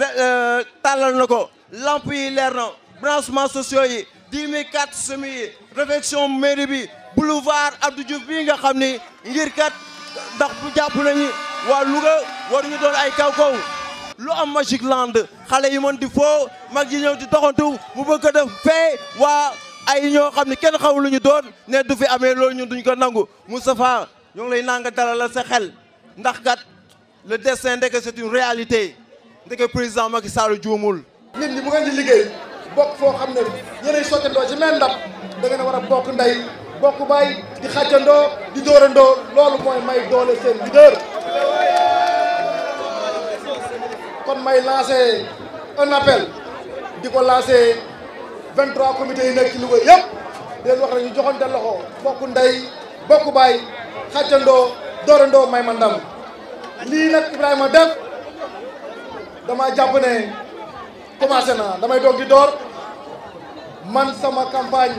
Euh, tàllal na ko lamp branchement sociaux yi dix semis yi réfection boulevard Abdou Diouf bii nga xam ni ngir kat ndax bu jàpp nañu waa Louga waruñu doon ay kaw-kaw lu am Magic Land xale yi mën di foo mag yi ñëw di doxantu mu bëgg a def fee waa ay ñoo xam ne kenn xamul ñu doon né du fi amé lool ñun duñ ko nangu Moustapha ñu lay naan nga dalal sa xel ndax kat le destin ndeke c'est une réalité ndeke président Macky Sall juumul. nit ñi mu ngeen di liggéey bokk foo xam ne yéenay sottandoo ci même ndab da ngeen a war a bokk ndey bokk baay di ndoo di dóorandoo loolu mooy may doole seen leader. kon may lancé un appel di ko lancé 23 comités yi nekk ci Louga yëpp di wax rek ñu joxante loxo bokk ndey bokk baay xàccandoo dóorandoo may ma ndam lii nag Ibrahima def. dama japp ne commencé na damay dog di dor man sama campagne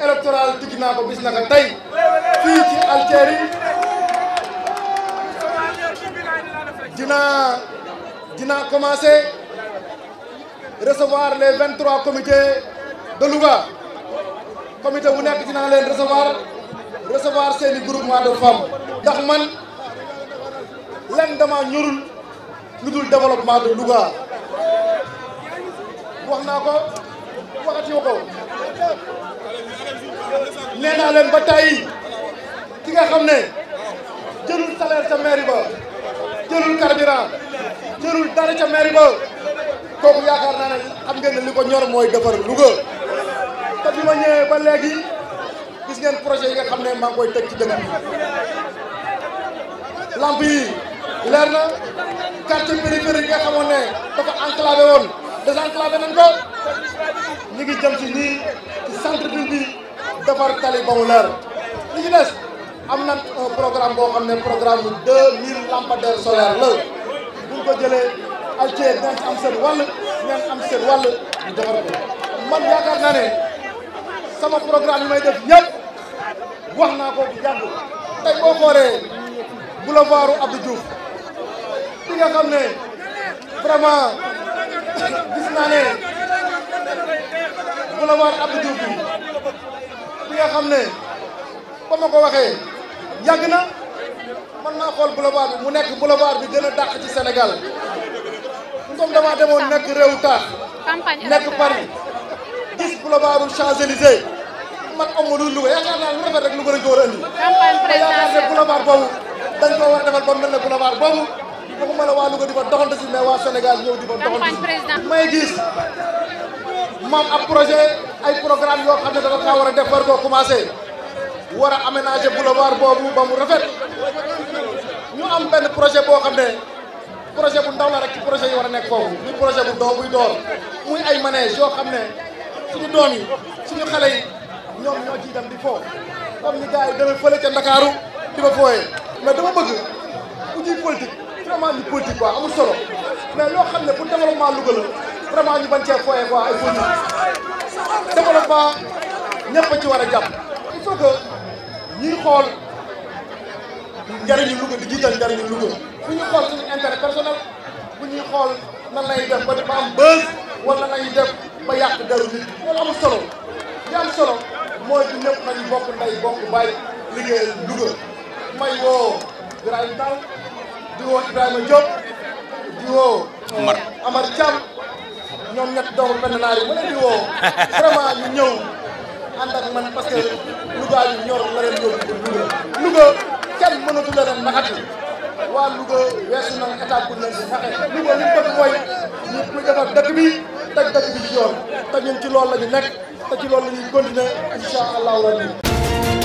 électorale digg naa ko bis naka tay fi ci Algérie dina dina commencé recevoir les 23 comités de Louga comité bu nek dina len recevoir recevoir seeni groupement de femmes ndax man lan dama ñurul lu dul développement de bu wax naa ko waxati ko nee naa ba tey ki nga xam ne jëlul salaire ca mairie ba jëlul carburant jëlul dara ca mairie ba kooku yaakaar naa ne xam ngeen ne li ko ñor mooy defar Louga te bi ma ñëwee ba léegi gis ngeen projet yi nga xam ne maa koy teg ci dëkk bi lamp yi. leer na quartier périphérique nga xamoon ne dafa enclavé woon désenclavé nañ ko ñu ngi jëm ci nii ci centre ville bi defar tali ba mu leer li ci des am na un programme boo xam ne programme bu deux mille lampadaires solaires la buñ ko jëlee ay cee dinañ am seen wàll dinañ am seen wàll ñu ko man yaakaar naa ne sama programme yi may def yëpp wax naa ko bu yàgg tey boo xoolee boulevard Abdou Diouf nga xam ne vraiment gis naa ne boulevard Abdou Diouf bi nga xam ne ba ko waxee yàgg na man naa xool boulevard bi mu nekk boulevard bi gën a dàq ci Sénégal comme dama demoon nekk réew taax nekk Paris gis boulevardu Champs-Élysées man amul lu Louga yaakaar lu rafet rek lu gën a ko war a indi. campagne présidentielle yaakaar dañ ko war a defal ba mel ne boulevard boobu. waxuma la waa Louga di fa doxante si mais waa Sénégal ñëw di fa doxante may gis moom ab projet ay programme yoo xam ne dafa kaa war a def war koo commencé war a aménager boulevard boobu ba mu rafet ñu am benn projet boo xam ne projet bu ndaw la rek ci projet yi war a nekk foofu muy projet bu doo buy door muy ay manège yoo xam ne suñu doom yi suñu xale yi ñoom ñoo ciy dem di fo comme ni gars yi demee fële ca Ndakaaru di fa fooyee mais dama bëgg bu ñuy politique vraiment ñu politique quoi amul solo mais loo xam ne pour développement Louga la vraiment ñu bañ cee foyee quoi ay politique développement ñëpp a ci war a jàpp il faut que ñuy xool njëriñu Louga di jiital njëriñu Louga bu ñuy xool suñu intérêt personnel bu ñuy xool nan lay def ba dafa am bës wala nan lay def ba yàq deru nit loolu amul solo li am solo mooy du ñëpp nañu bokk nday bokk bàyyi liggéey Louga may woo Birahim Tall di woo Ibrahima Diop di woo. Amar Amar Thiam ñoom ñett doomu benn naar yi ma leen di woo vraiment ñu ñëw ànd ak man parce que Louga ñu ñor la leen yóbbu Louga Louga kenn mënatu la leen naxati waa Louga weesu na état bu leen di naxee Louga li mu bëgg mooy ñu dëkk bi teg dëkk bi di yoon te ci lool la nekk te ci loolu la ñuy continuer incha allahu